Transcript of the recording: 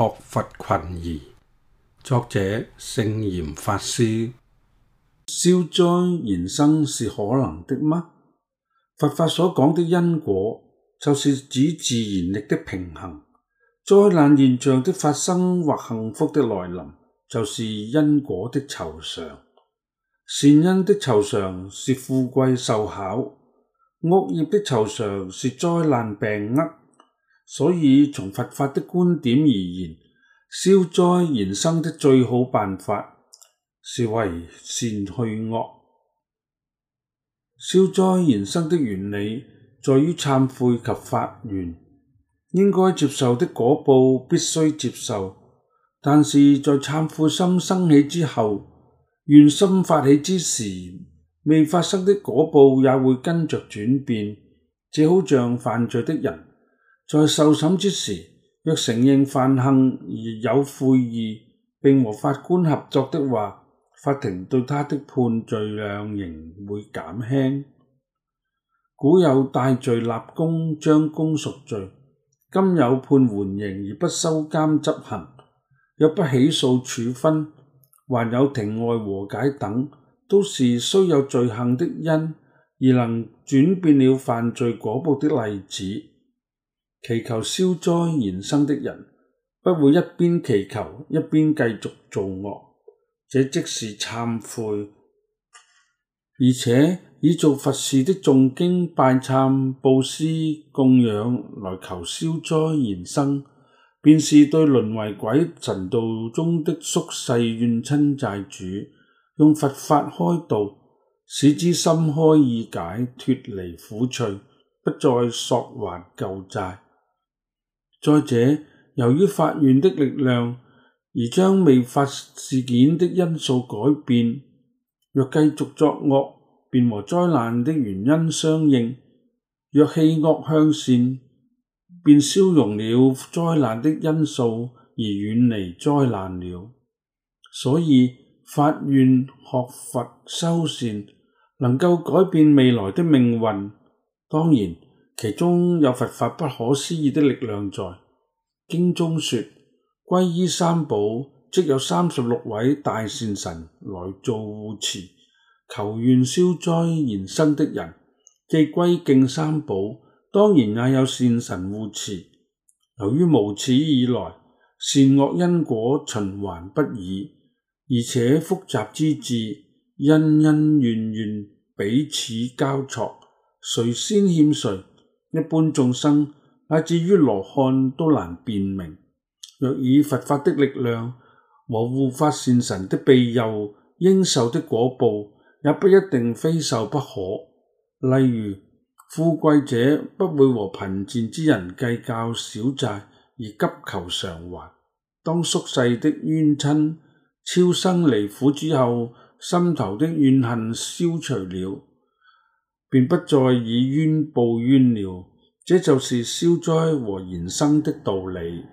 學佛群疑，作者聖嚴法師。消災延生是可能的嗎？佛法所講的因果，就是指自然力的平衡。災難現象的發生或幸福的來臨，就是因果的酬償。善因的酬償是富貴壽考，惡業的酬償是災難病厄。所以，從佛法的觀點而言，消災延生的最好辦法是為善去惡。消災延生的原理，在於懺悔及發願，應該接受的果報必須接受，但是在懺悔心生起之後，願心發起之時，未發生的果報也會跟着轉變，這好像犯罪的人。在受審之時，若承認犯行而有悔意並和法官合作的話，法庭對他的判罪量刑會減輕。古有帶罪立功、將功贖罪，今有判緩刑而不收監執行，若不起訴處分，還有庭外和解等，都是雖有罪行的因而能轉變了犯罪果報的例子。祈求消災延生的人，不會一邊祈求一邊繼續造惡，這即是懺悔。而且以做佛事的誦經、拜懺、布施、供養來求消災延生，便是對淪為鬼神道中的宿世怨親債主，用佛法開導，使之心開意解，脱離苦趣，不再索還舊債。再者，由於發願的力量而將未發事件的因素改變，若繼續作惡，便和災難的原因相應；若棄惡向善，便消融了災難的因素而遠離災難了。所以，發願學佛修善，能夠改變未來的命運，當然。其中有佛法不可思議的力量在。經中說皈依，三寶即有三十六位大善神來做護持，求願消災延生的人，既歸敬三寶，當然也有善神護持。由於無始以來善惡因果循環不已，而且複雜之至，恩恩怨怨彼此交錯，誰先欠誰？一般眾生乃至於羅漢都難辨明，若以佛法的力量和護法善神的庇佑，應受的果報也不一定非受不可。例如富貴者不會和貧賤之人計較小債而急求償還。當宿世的冤親超生離苦之後，心頭的怨恨消除了。便不再以冤報冤了，這就是消災和延生的道理。